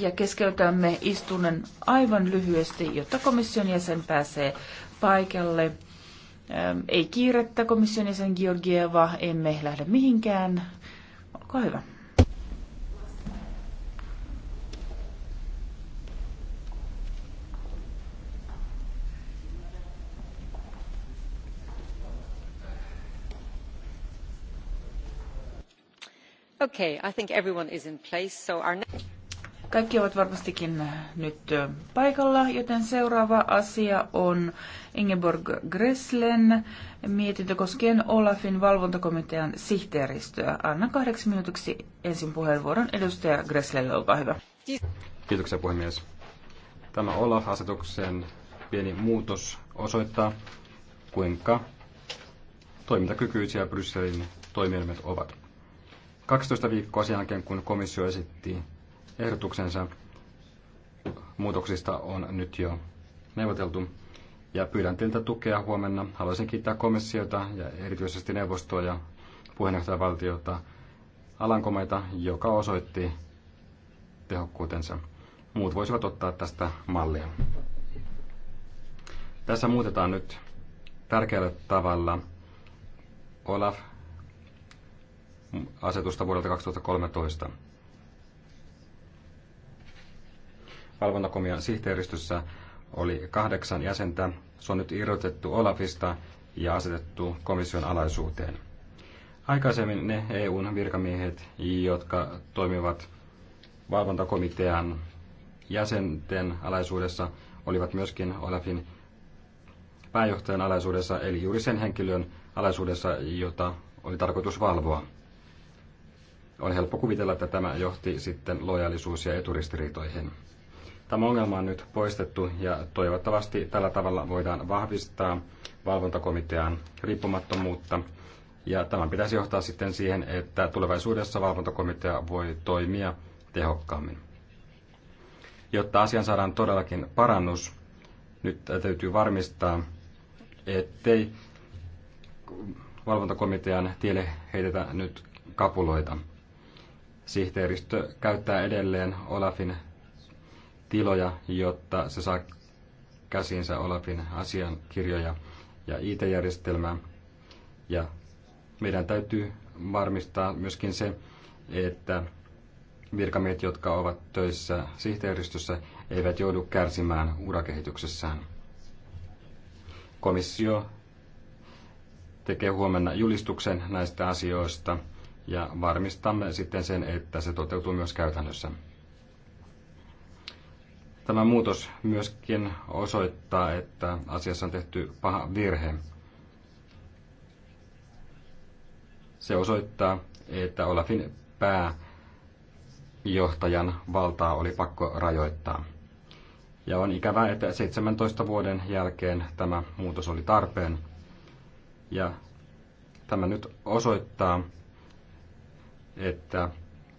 ja keskeytämme istunnon aivan lyhyesti, jotta komission jäsen pääsee paikalle. Ähm, ei kiirettä, komission jäsen Georgieva, emme lähde mihinkään. Olkaa hyvä. Okay, I think everyone is in place, so our next... Kaikki ovat varmastikin nyt paikalla, joten seuraava asia on Ingeborg Gresslen mietintö koskien Olafin valvontakomitean sihteeristöä. Anna kahdeksi minuutiksi ensin puheenvuoron edustaja Gresslelle, olkaa hyvä. Kiitoksia puhemies. Tämä Olaf-asetuksen pieni muutos osoittaa, kuinka toimintakykyisiä Brysselin toimielimet ovat. 12 viikkoa sen jälkeen, kun komissio esitti ehdotuksensa muutoksista on nyt jo neuvoteltu. Ja pyydän teiltä tukea huomenna. Haluaisin kiittää komissiota ja erityisesti neuvostoa ja puheenjohtajavaltiota Alankomaita, joka osoitti tehokkuutensa. Muut voisivat ottaa tästä mallia. Tässä muutetaan nyt tärkeällä tavalla Olaf-asetusta vuodelta 2013. valvontakomion sihteeristössä oli kahdeksan jäsentä. Se on nyt irrotettu Olafista ja asetettu komission alaisuuteen. Aikaisemmin ne EUn virkamiehet, jotka toimivat valvontakomitean jäsenten alaisuudessa, olivat myöskin Olafin pääjohtajan alaisuudessa, eli juuri sen henkilön alaisuudessa, jota oli tarkoitus valvoa. On helppo kuvitella, että tämä johti sitten lojaalisuus- ja eturistiriitoihin. Tämä ongelma on nyt poistettu ja toivottavasti tällä tavalla voidaan vahvistaa valvontakomitean riippumattomuutta. Ja tämän pitäisi johtaa sitten siihen, että tulevaisuudessa valvontakomitea voi toimia tehokkaammin. Jotta asian saadaan todellakin parannus, nyt täytyy varmistaa, ettei valvontakomitean tielle heitetä nyt kapuloita. Sihteeristö käyttää edelleen Olafin tiloja, jotta se saa käsiinsä Olafin asiankirjoja ja IT-järjestelmää. Ja meidän täytyy varmistaa myöskin se, että virkamiehet, jotka ovat töissä sihteeristössä, eivät joudu kärsimään urakehityksessään. Komissio tekee huomenna julistuksen näistä asioista ja varmistamme sitten sen, että se toteutuu myös käytännössä. Tämä muutos myöskin osoittaa, että asiassa on tehty paha virhe. Se osoittaa, että Olafin pääjohtajan valtaa oli pakko rajoittaa. Ja on ikävää, että 17 vuoden jälkeen tämä muutos oli tarpeen. Ja tämä nyt osoittaa, että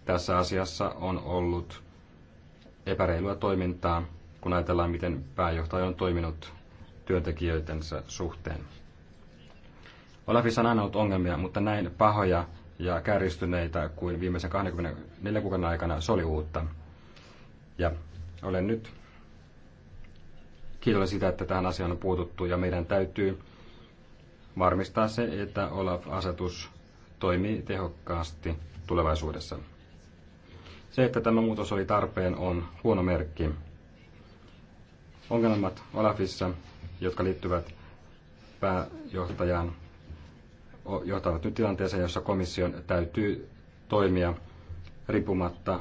tässä asiassa on ollut epäreilua toimintaa, kun ajatellaan, miten pääjohtaja on toiminut työntekijöidensä suhteen. Olafissa on aina ollut ongelmia, mutta näin pahoja ja kärjistyneitä kuin viimeisen 24 kuukauden aikana se oli uutta. Ja olen nyt kiitollinen sitä, että tähän asiaan on puututtu ja meidän täytyy varmistaa se, että Olaf-asetus toimii tehokkaasti tulevaisuudessa. Se, että tämä muutos oli tarpeen, on huono merkki. Ongelmat Olafissa, jotka liittyvät pääjohtajaan, johtavat nyt tilanteeseen, jossa komission täytyy toimia riippumatta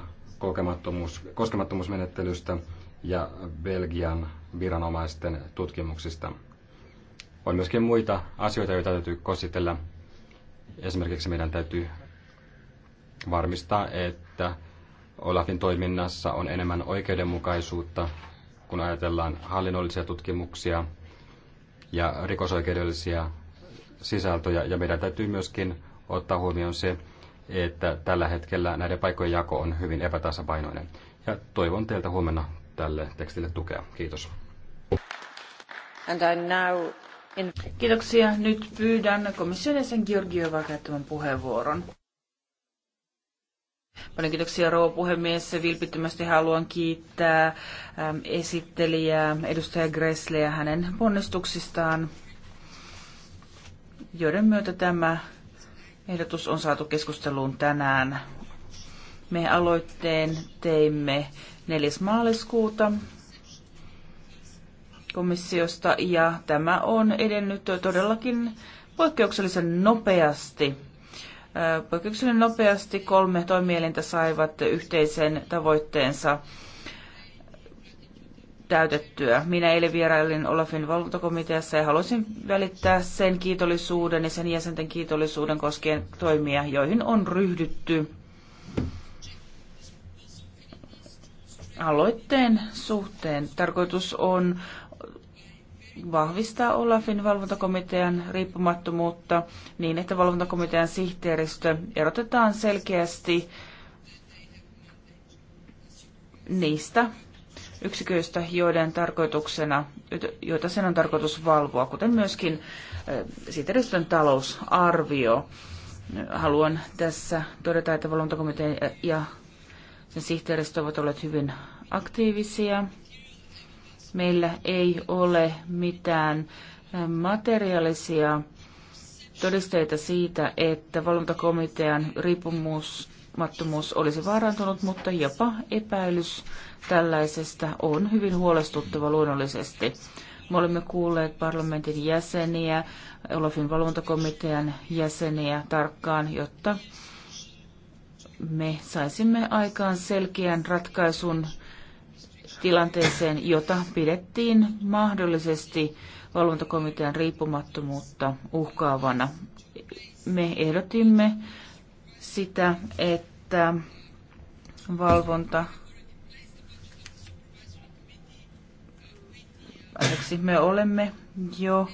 koskemattomuusmenettelystä ja Belgian viranomaisten tutkimuksista. On myöskin muita asioita, joita täytyy kositella. Esimerkiksi meidän täytyy varmistaa, että Olafin toiminnassa on enemmän oikeudenmukaisuutta, kun ajatellaan hallinnollisia tutkimuksia ja rikosoikeudellisia sisältöjä. Ja meidän täytyy myöskin ottaa huomioon se, että tällä hetkellä näiden paikkojen jako on hyvin epätasapainoinen. Ja toivon teiltä huomenna tälle tekstille tukea. Kiitos. And I now in... Kiitoksia. Nyt pyydän komission jäsen Georgiova käyttämään puheenvuoron. Paljon kiitoksia rouva puhemies. Vilpittömästi haluan kiittää esittelijää edustaja Gressleä hänen ponnistuksistaan, joiden myötä tämä ehdotus on saatu keskusteluun tänään. Me aloitteen teimme 4. maaliskuuta komissiosta ja tämä on edennyt todellakin poikkeuksellisen nopeasti Poikkeuksellisen nopeasti kolme toimielintä saivat yhteisen tavoitteensa täytettyä. Minä eilen vierailin Olafin valtakomiteassa ja haluaisin välittää sen kiitollisuuden ja sen jäsenten kiitollisuuden koskien toimia, joihin on ryhdytty aloitteen suhteen. Tarkoitus on vahvistaa Olafin valvontakomitean riippumattomuutta niin, että valvontakomitean sihteeristö erotetaan selkeästi niistä yksiköistä, joiden tarkoituksena, joita sen on tarkoitus valvoa, kuten myöskin sihteeristön talousarvio. Haluan tässä todeta, että valvontakomitea ja sen sihteeristö ovat olleet hyvin aktiivisia meillä ei ole mitään materiaalisia todisteita siitä, että valvontakomitean riippumattomuus olisi vaarantunut, mutta jopa epäilys tällaisesta on hyvin huolestuttava luonnollisesti. Me olemme kuulleet parlamentin jäseniä, Olofin valvontakomitean jäseniä tarkkaan, jotta me saisimme aikaan selkeän ratkaisun tilanteeseen, jota pidettiin mahdollisesti valvontakomitean riippumattomuutta uhkaavana. Me ehdotimme sitä, että valvonta Anteeksi, me olemme jo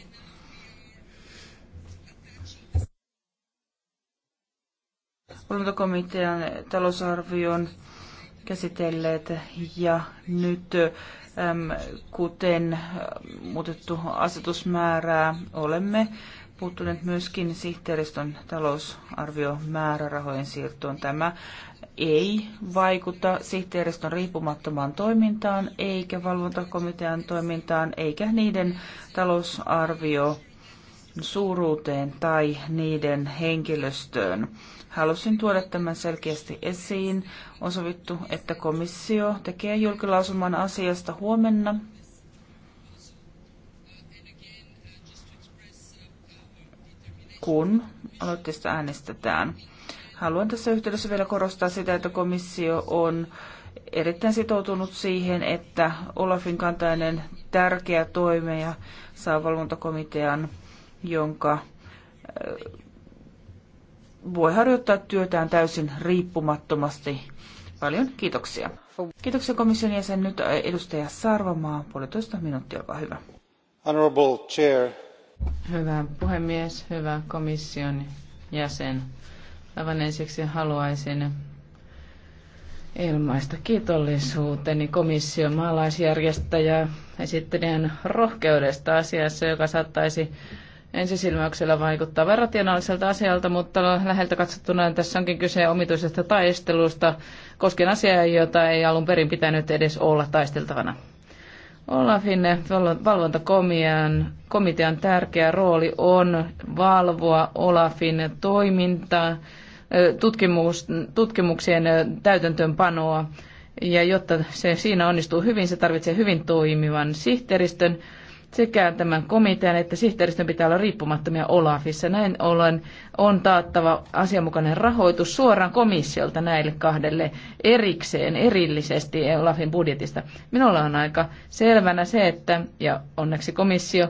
valvontakomitean talousarvion käsitelleet ja nyt kuten muutettu asetusmäärää olemme puuttuneet myöskin sihteeristön talousarviomäärärahojen siirtoon. Tämä ei vaikuta sihteeristön riippumattomaan toimintaan eikä valvontakomitean toimintaan eikä niiden talousarvio suuruuteen tai niiden henkilöstöön. Halusin tuoda tämän selkeästi esiin. On sovittu, että komissio tekee julkilausuman asiasta huomenna. kun aloitteesta äänestetään. Haluan tässä yhteydessä vielä korostaa sitä, että komissio on erittäin sitoutunut siihen, että Olafin kantainen tärkeä toimeja saa valvontakomitean, jonka voi harjoittaa työtään täysin riippumattomasti. Paljon kiitoksia. Kiitoksia komission jäsen. Nyt edustaja Sarvamaa, puolitoista minuuttia, olkaa hyvä. Honorable Chair. Hyvä puhemies, hyvä komission jäsen. Aivan ensiksi haluaisin ilmaista kiitollisuuteni komission maalaisjärjestäjää esittelijän rohkeudesta asiassa, joka saattaisi ensisilmäyksellä vaikuttaa verrationaaliselta asialta, mutta läheltä katsottuna tässä onkin kyse omituisesta taistelusta koskien asiaa, jota ei alun perin pitänyt edes olla taisteltavana. Olafin valvontakomitean tärkeä rooli on valvoa Olafin toimintaa, tutkimus, tutkimuksien täytäntöönpanoa, ja jotta se siinä onnistuu hyvin, se tarvitsee hyvin toimivan sihteeristön, sekä tämän komitean että sihteeristön pitää olla riippumattomia Olafissa. Näin ollen on taattava asianmukainen rahoitus suoraan komissiolta näille kahdelle erikseen, erillisesti Olafin budjetista. Minulla on aika selvänä se, että, ja onneksi komissio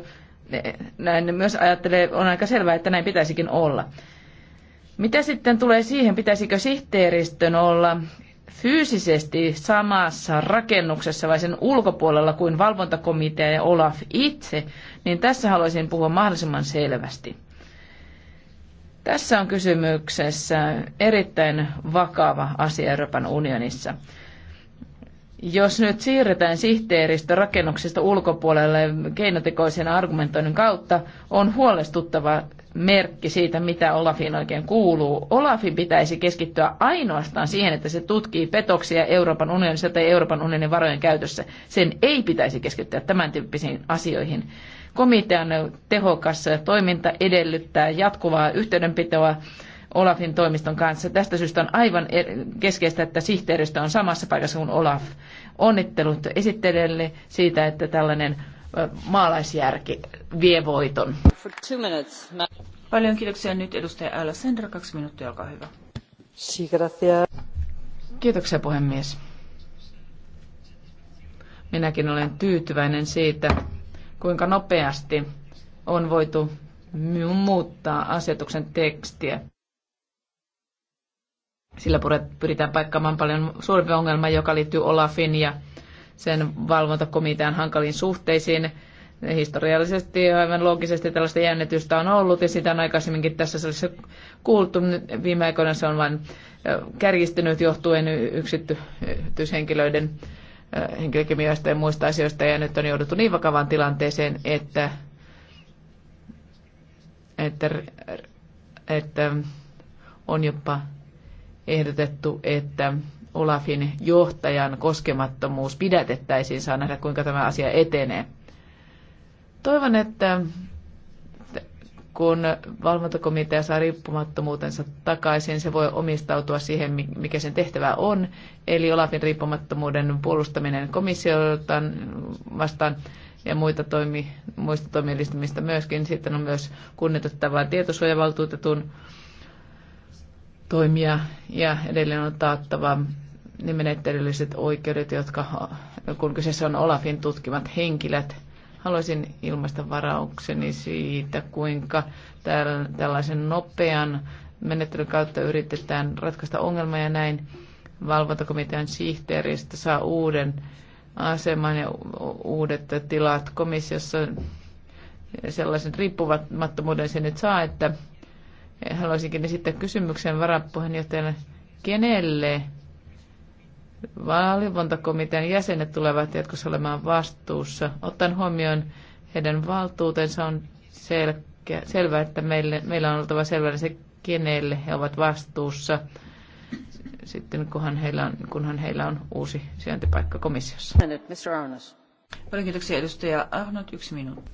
näin myös ajattelee, on aika selvää, että näin pitäisikin olla. Mitä sitten tulee siihen, pitäisikö sihteeristön olla fyysisesti samassa rakennuksessa vai sen ulkopuolella kuin valvontakomitea ja Olaf itse, niin tässä haluaisin puhua mahdollisimman selvästi. Tässä on kysymyksessä erittäin vakava asia Euroopan unionissa. Jos nyt siirretään sihteeristä rakennuksesta ulkopuolelle keinotekoisen argumentoinnin kautta, on huolestuttava merkki siitä, mitä Olafin oikein kuuluu. Olafin pitäisi keskittyä ainoastaan siihen, että se tutkii petoksia Euroopan unionissa tai Euroopan unionin varojen käytössä. Sen ei pitäisi keskittyä tämän tyyppisiin asioihin. Komitean tehokas toiminta edellyttää jatkuvaa yhteydenpitoa Olafin toimiston kanssa. Tästä syystä on aivan e- keskeistä, että sihteeristö on samassa paikassa kuin Olaf. Onnittelut esittelijälle siitä, että tällainen maalaisjärki vie voiton. Paljon kiitoksia nyt edustaja Alessandra. Kaksi minuuttia, olkaa hyvä. Kiitoksia puhemies. Minäkin olen tyytyväinen siitä, kuinka nopeasti on voitu muuttaa asetuksen tekstiä. Sillä pyritään paikkaamaan paljon suurempi ongelma, joka liittyy Olafin ja sen valvontakomitean hankaliin suhteisiin historiallisesti ja aivan loogisesti tällaista jännitystä on ollut ja sitä on aikaisemminkin tässä salissa kuultu. Viime aikoina se on vain kärjistynyt johtuen yksityishenkilöiden henkilökemioista ja muista asioista ja nyt on jouduttu niin vakavaan tilanteeseen, että, että, että on jopa ehdotettu, että Olafin johtajan koskemattomuus pidätettäisiin. Saa nähdä, kuinka tämä asia etenee. Toivon, että kun valvontakomitea saa riippumattomuutensa takaisin, se voi omistautua siihen, mikä sen tehtävä on, eli Olafin riippumattomuuden puolustaminen komissiolta vastaan ja muita toimi, muista toimielistymistä myöskin. Sitten on myös kunnioitettavaa tietosuojavaltuutetun toimia ja edelleen on taattava ne menettelylliset oikeudet, jotka, kun kyseessä on Olafin tutkimat henkilöt – Haluaisin ilmaista varaukseni siitä, kuinka tällaisen nopean menettelyn kautta yritetään ratkaista ongelma ja näin valvontakomitean sihteeristä saa uuden aseman ja uudet tilat komissiossa sellaisen riippumattomuuden se nyt saa, että haluaisinkin esittää kysymyksen varapuheenjohtajalle, kenelle Valvontakomitean jäsenet tulevat jatkossa olemaan vastuussa. Ottaen huomioon heidän valtuutensa on selkeä, selvää, että meille, meillä on oltava selvää, se, kenelle he ovat vastuussa sitten, kunhan heillä on, kunhan heillä on uusi sijaintipaikka komissiossa. Mr. Paljon kiitoksia edustaja Ahnot, Yksi minuutti.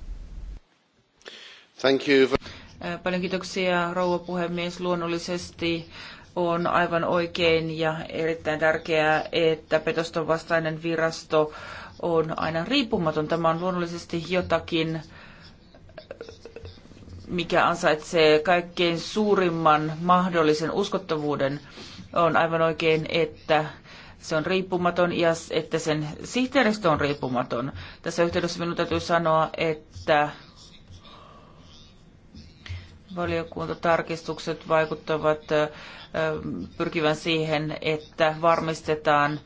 Thank you. Äh, paljon kiitoksia rouva puhemies. Luonnollisesti on aivan oikein ja erittäin tärkeää, että petoston vastainen virasto on aina riippumaton. Tämä on luonnollisesti jotakin, mikä ansaitsee kaikkein suurimman mahdollisen uskottavuuden. On aivan oikein, että se on riippumaton ja että sen sihteeristö on riippumaton. Tässä yhteydessä minun täytyy sanoa, että valiokuntatarkistukset vaikuttavat pyrkivän siihen, että varmistetaan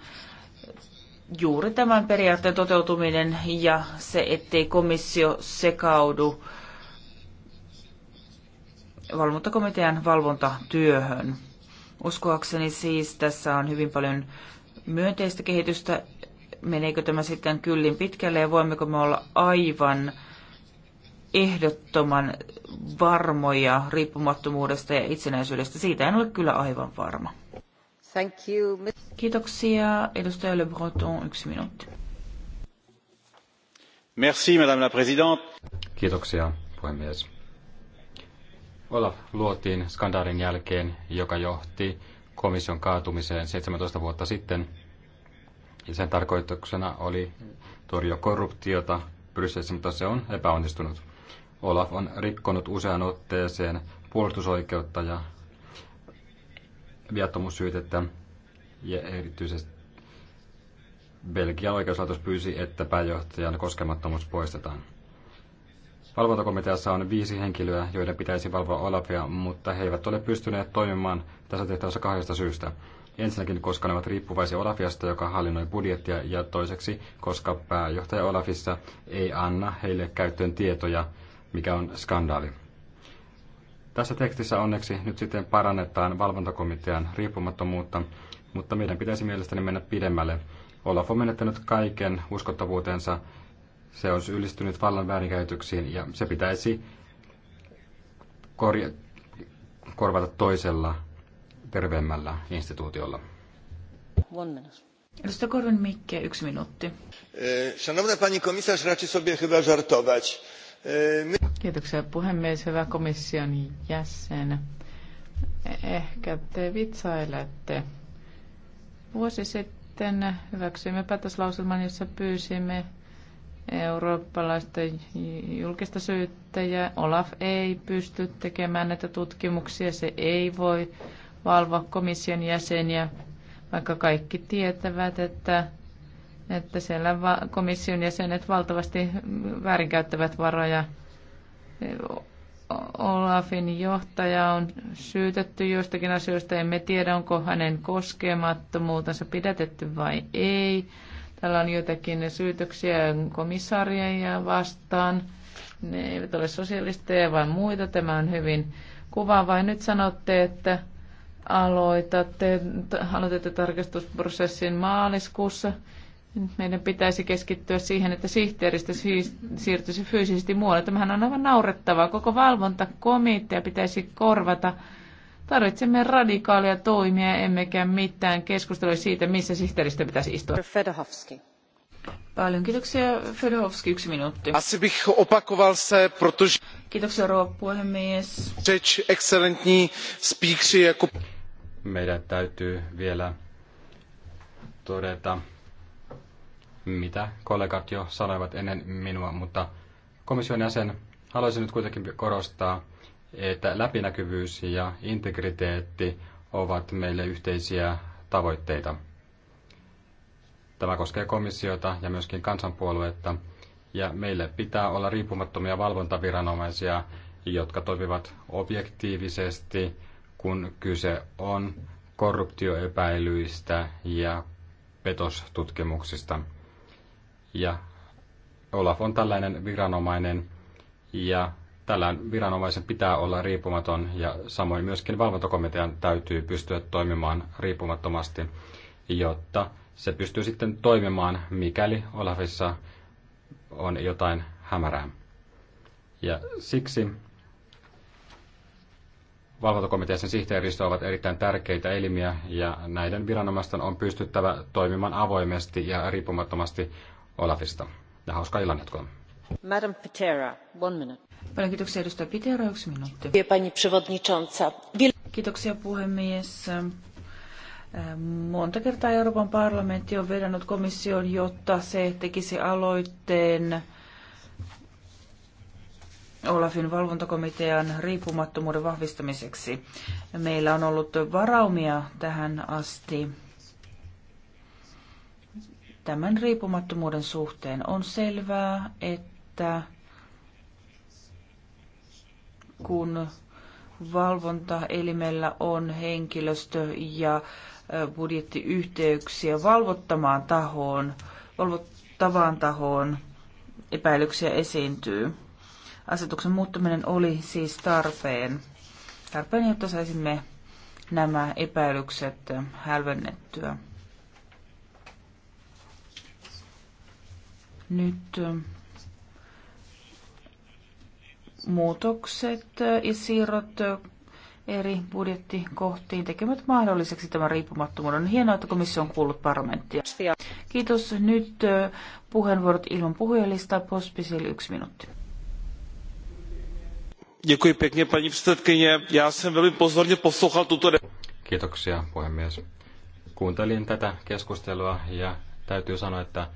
juuri tämän periaatteen toteutuminen ja se, ettei komissio sekaudu valvontakomitean valvontatyöhön. Uskoakseni siis tässä on hyvin paljon myönteistä kehitystä. Meneekö tämä sitten kyllin pitkälle ja voimmeko me olla aivan ehdottoman varmoja riippumattomuudesta ja itsenäisyydestä. Siitä en ole kyllä aivan varma. Thank you. Kiitoksia. Edustaja Le Breton, yksi minuutti. Merci, Madame la Présidente. Kiitoksia, puhemies. Olaf luotiin skandaalin jälkeen, joka johti komission kaatumiseen 17 vuotta sitten. Ja sen tarkoituksena oli torjua korruptiota Brysselissä, mutta se on epäonnistunut. Olaf on rikkonut usean otteeseen puolustusoikeutta ja viattomuussyytettä ja erityisesti Belgian oikeuslaitos pyysi, että pääjohtajan koskemattomuus poistetaan. Valvontakomiteassa on viisi henkilöä, joiden pitäisi valvoa Olafia, mutta he eivät ole pystyneet toimimaan tässä tehtävässä kahdesta syystä. Ensinnäkin, koska ne ovat riippuvaisia Olafiasta, joka hallinnoi budjettia, ja toiseksi, koska pääjohtaja Olafissa ei anna heille käyttöön tietoja, mikä on skandaali. Tässä tekstissä onneksi nyt sitten parannetaan valvontakomitean riippumattomuutta, mutta meidän pitäisi mielestäni mennä pidemmälle. Olaf on menettänyt kaiken uskottavuutensa, se on syyllistynyt vallan väärinkäytöksiin ja se pitäisi korja- korvata toisella terveemmällä instituutiolla. One minute. Edustaja Korvin Mikke, yksi minuutti. Szanowna pani komisarz raczy sobie chyba żartować. Kiitoksia puhemies, hyvä komission jäsen. Ehkä te vitsailette. Vuosi sitten hyväksyimme päätöslauselman, jossa pyysimme eurooppalaista julkista syyttäjää. Olaf ei pysty tekemään näitä tutkimuksia, se ei voi valvoa komission jäseniä, vaikka kaikki tietävät, että että siellä komission jäsenet valtavasti väärinkäyttävät varoja. Olafin johtaja on syytetty joistakin asioista. Emme tiedä, onko hänen koskemattomuutensa pidätetty vai ei. Täällä on joitakin syytöksiä ja vastaan. Ne eivät ole sosialisteja vaan muita. Tämä on hyvin kuvaava. Nyt sanotte, että aloitatte, aloitatte tarkastusprosessin maaliskuussa meidän pitäisi keskittyä siihen, että sihteeristö siirtyisi fyysisesti muualle. Tämähän on aivan naurettavaa. Koko valvontakomitea pitäisi korvata. Tarvitsemme radikaalia toimia, emmekä mitään keskustelua siitä, missä sihteeristö pitäisi istua. Fedohovski. Paljon kiitoksia. Fedohovski, yksi minuutti. Asi bych opakoval se, protože... Kiitoksia, rouva puhemies. Řeč excelentní speakeri, jako... Meidän täytyy vielä todeta, mitä kollegat jo sanoivat ennen minua, mutta komission jäsen haluaisin nyt kuitenkin korostaa, että läpinäkyvyys ja integriteetti ovat meille yhteisiä tavoitteita. Tämä koskee komissiota ja myöskin kansanpuoluetta, ja meille pitää olla riippumattomia valvontaviranomaisia, jotka toimivat objektiivisesti, kun kyse on korruptioepäilyistä ja petostutkimuksista. Ja Olaf on tällainen viranomainen ja tällä viranomaisen pitää olla riippumaton ja samoin myöskin valvontakomitean täytyy pystyä toimimaan riippumattomasti, jotta se pystyy sitten toimimaan, mikäli Olafissa on jotain hämärää. Ja siksi valvontakomiteassa sihteeristö ovat erittäin tärkeitä elimiä ja näiden viranomaisten on pystyttävä toimimaan avoimesti ja riippumattomasti Olafista. Ja hauskaa illan jatkoa. Madam Pitera, one minute. Paljon kiitoksia edustaja Pitera, yksi minuutti. Kiitoksia puhemies. Monta kertaa Euroopan parlamentti on vedannut komission, jotta se tekisi aloitteen Olafin valvontakomitean riippumattomuuden vahvistamiseksi. Meillä on ollut varaumia tähän asti tämän riippumattomuuden suhteen. On selvää, että kun valvontaelimellä on henkilöstö ja budjettiyhteyksiä valvottamaan tahoon, valvottavaan tahoon epäilyksiä esiintyy. Asetuksen muuttaminen oli siis tarpeen, tarpeen jotta saisimme nämä epäilykset hälvennettyä. nyt muutokset ja siirrot eri budjettikohtiin tekevät mahdolliseksi tämän riippumattomuuden. hienoa, että komissio on kuullut parlamenttia. Kiitos. Nyt puheenvuorot ilman puhujalistaa. Pospisil yksi minuutti. Děkuji pěkně, paní předsedkyně. Já jsem velmi pozorně poslouchal tuto... Kiitoksia, puhemies. Kuuntelin tätä keskustelua ja täytyy sanoa, että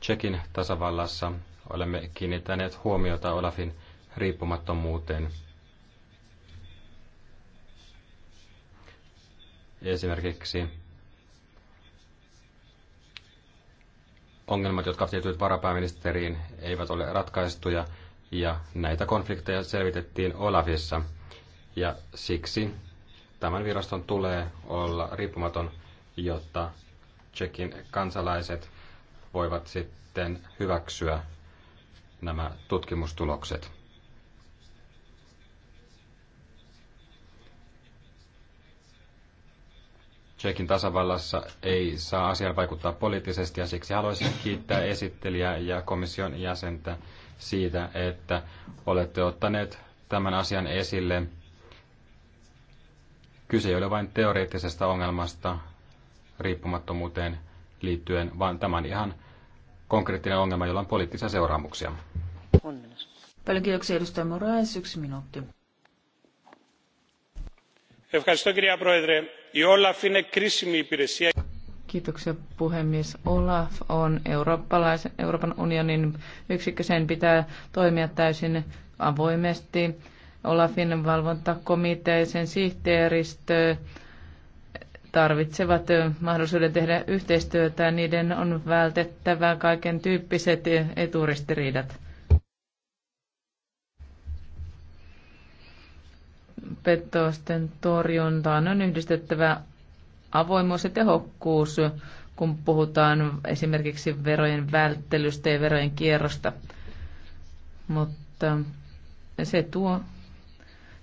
Tsekin tasavallassa olemme kiinnittäneet huomiota Olafin riippumattomuuteen. Esimerkiksi ongelmat, jotka tietyt varapääministeriin, eivät ole ratkaistuja ja näitä konflikteja selvitettiin Olafissa. Ja siksi tämän viraston tulee olla riippumaton, jotta Tsekin kansalaiset voivat sitten hyväksyä nämä tutkimustulokset. Tsekin tasavallassa ei saa asiaan vaikuttaa poliittisesti ja siksi haluaisin kiittää esittelijää ja komission jäsentä siitä, että olette ottaneet tämän asian esille. Kyse ei ole vain teoreettisesta ongelmasta riippumattomuuteen liittyen, vaan tämän ihan konkreettinen ongelma, jolla on poliittisia seuraamuksia. Paljon kiitoksia edustaja Moraes. Yksi minuutti. Kiitoksia puhemies. Olaf on eurooppalaisen, Euroopan unionin yksikkö. Sen pitää toimia täysin avoimesti. Olafin valvontakomitea ja sen sihteeristö tarvitsevat mahdollisuuden tehdä yhteistyötä, niiden on vältettävä kaiken tyyppiset eturistiriidat. Petosten torjuntaan on yhdistettävä avoimuus ja tehokkuus, kun puhutaan esimerkiksi verojen välttelystä ja verojen kierrosta. Mutta se tuo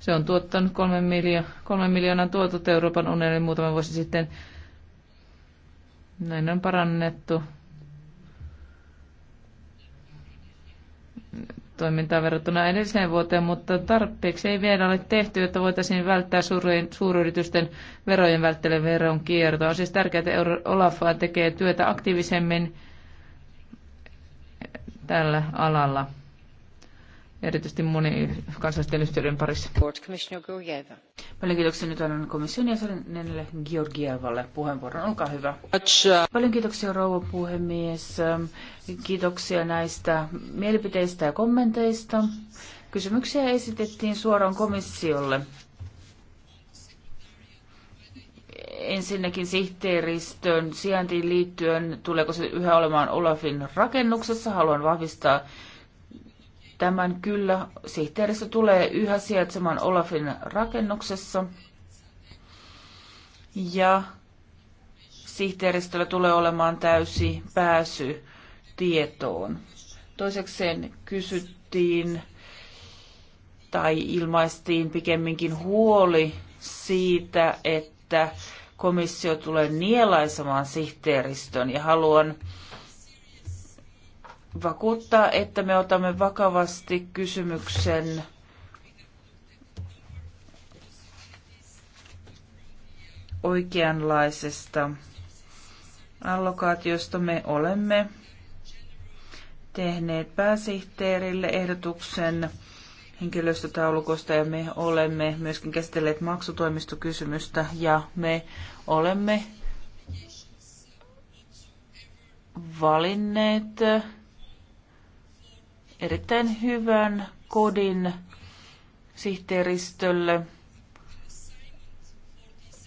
se on tuottanut kolme, miljo- kolme tuotot Euroopan unionin muutama vuosi sitten. Näin on parannettu toimintaa verrattuna edelliseen vuoteen, mutta tarpeeksi ei vielä ole tehty, että voitaisiin välttää suuryritysten verojen välttele veron kiertoa. On siis tärkeää, että Olaf tekee työtä aktiivisemmin tällä alalla erityisesti moni kansallisten yhteyden parissa. Paljon kiitoksia nyt annan komission jäsenelle Georgievalle puheenvuoron. Olkaa hyvä. Paljon kiitoksia rouva puhemies. Kiitoksia näistä mielipiteistä ja kommenteista. Kysymyksiä esitettiin suoraan komissiolle. ensinnäkin sihteeristön sijaintiin liittyen, tuleeko se yhä olemaan Olafin rakennuksessa. Haluan vahvistaa Tämän kyllä sihteeristö tulee yhä sijaitsemaan Olafin rakennuksessa. Ja sihteeristöllä tulee olemaan täysi pääsy tietoon. Toisekseen kysyttiin tai ilmaistiin pikemminkin huoli siitä, että komissio tulee nielaisemaan sihteeristön ja haluan vakuuttaa, että me otamme vakavasti kysymyksen oikeanlaisesta allokaatiosta. Me olemme tehneet pääsihteerille ehdotuksen henkilöstötaulukosta ja me olemme myöskin käsitelleet maksutoimistokysymystä ja me olemme valinneet erittäin hyvän kodin sihteeristölle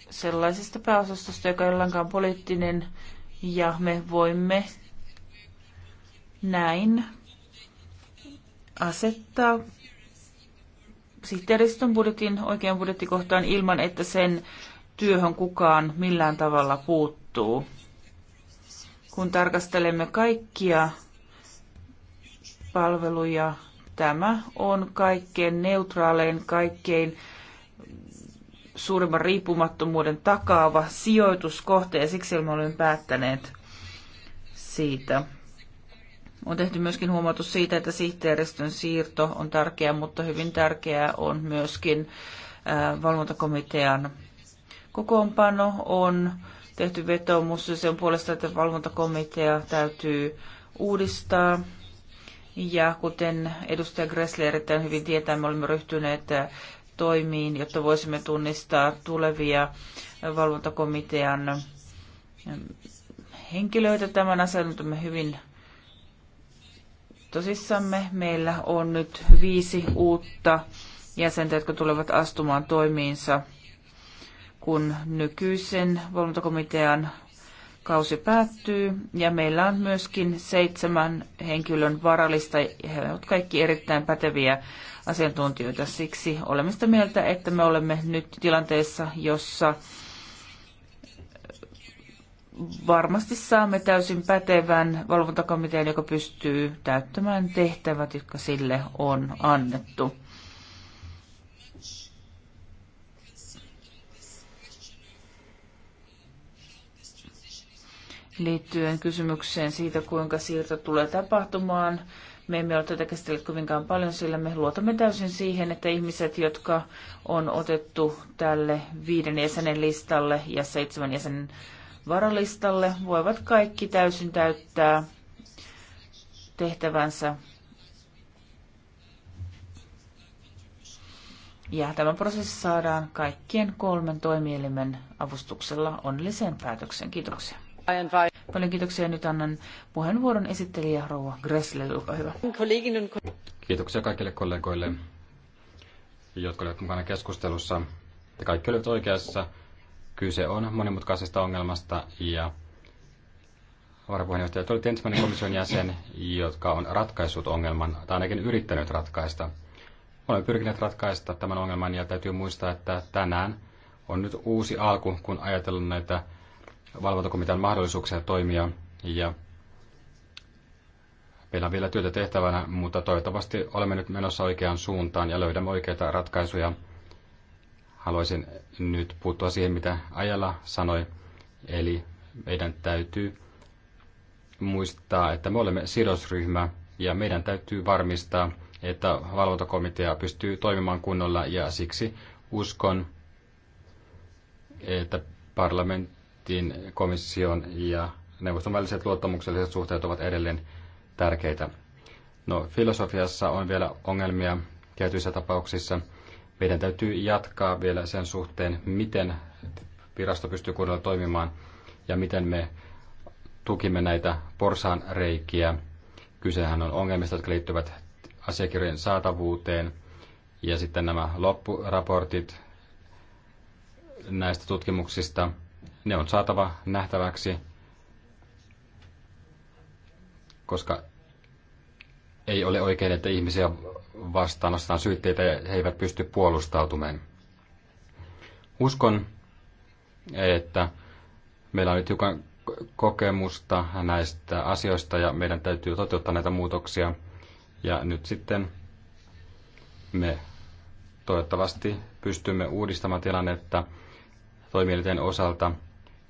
sellaisesta pääosastosta, joka ei ollenkaan poliittinen, ja me voimme näin asettaa sihteeristön budjetin oikean budjettikohtaan ilman, että sen työhön kukaan millään tavalla puuttuu. Kun tarkastelemme kaikkia palveluja. Tämä on kaikkein neutraalein, kaikkein suurimman riippumattomuuden takaava sijoituskohte ja siksi me olemme päättäneet siitä. On tehty myöskin huomautus siitä, että sihteeristön siirto on tärkeä, mutta hyvin tärkeää on myöskin valvontakomitean kokoonpano on tehty vetoomus ja sen puolesta, että valvontakomitea täytyy uudistaa. Ja kuten edustaja Gressler erittäin hyvin tietää, me olemme ryhtyneet äh, toimiin, jotta voisimme tunnistaa tulevia äh, valvontakomitean äh, henkilöitä tämän asian. me hyvin tosissamme. Meillä on nyt viisi uutta jäsentä, jotka tulevat astumaan toimiinsa, kun nykyisen valvontakomitean kausi päättyy ja meillä on myöskin seitsemän henkilön varallista, he ovat kaikki erittäin päteviä asiantuntijoita. Siksi olemme sitä mieltä, että me olemme nyt tilanteessa, jossa varmasti saamme täysin pätevän valvontakomitean, joka pystyy täyttämään tehtävät, jotka sille on annettu. liittyen kysymykseen siitä, kuinka siirto tulee tapahtumaan. Me emme ole tätä käsitelleet kovinkaan paljon, sillä me luotamme täysin siihen, että ihmiset, jotka on otettu tälle viiden jäsenen listalle ja seitsemän jäsenen varalistalle, voivat kaikki täysin täyttää tehtävänsä. Ja tämä prosessi saadaan kaikkien kolmen toimielimen avustuksella onnelliseen päätöksen. Kiitoksia. Paljon kiitoksia. Nyt annan puheenvuoron esittelijä Rouva Gressle, olkaa hyvä. Kiitoksia kaikille kollegoille, jotka olivat mukana keskustelussa. Te kaikki olivat oikeassa. Kyse on monimutkaisesta ongelmasta ja varapuheenjohtaja, te olette ensimmäinen komission jäsen, jotka on ratkaissut ongelman, tai ainakin yrittänyt ratkaista. Olemme pyrkineet ratkaista tämän ongelman ja täytyy muistaa, että tänään on nyt uusi alku, kun ajatellaan näitä valvontakomitean mahdollisuuksia toimia ja meillä on vielä työtä tehtävänä, mutta toivottavasti olemme nyt menossa oikeaan suuntaan ja löydämme oikeita ratkaisuja. Haluaisin nyt puuttua siihen, mitä Ajala sanoi, eli meidän täytyy muistaa, että me olemme sidosryhmä ja meidän täytyy varmistaa, että valvontakomitea pystyy toimimaan kunnolla ja siksi uskon, että parlament, mainittiin, komission ja neuvoston väliset luottamukselliset suhteet ovat edelleen tärkeitä. No, filosofiassa on vielä ongelmia tietyissä tapauksissa. Meidän täytyy jatkaa vielä sen suhteen, miten virasto pystyy kunnolla toimimaan ja miten me tukimme näitä porsaan reikiä. Kysehän on ongelmista, jotka liittyvät asiakirjojen saatavuuteen ja sitten nämä loppuraportit näistä tutkimuksista – ne on saatava nähtäväksi, koska ei ole oikein, että ihmisiä vastaan nostetaan syytteitä ja he eivät pysty puolustautumaan. Uskon, että meillä on nyt hiukan kokemusta näistä asioista ja meidän täytyy toteuttaa näitä muutoksia. Ja nyt sitten me toivottavasti pystymme uudistamaan tilannetta toimielinten osalta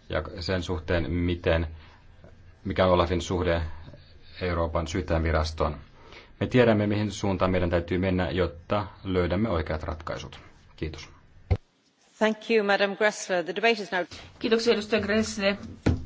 ja sen suhteen, miten, mikä on Olafin suhde Euroopan syyttäjänvirastoon. Me tiedämme, mihin suuntaan meidän täytyy mennä, jotta löydämme oikeat ratkaisut. Kiitos. Thank you, Madam Gressler. The debate is now... Kiitoksia, edustaja Gressler.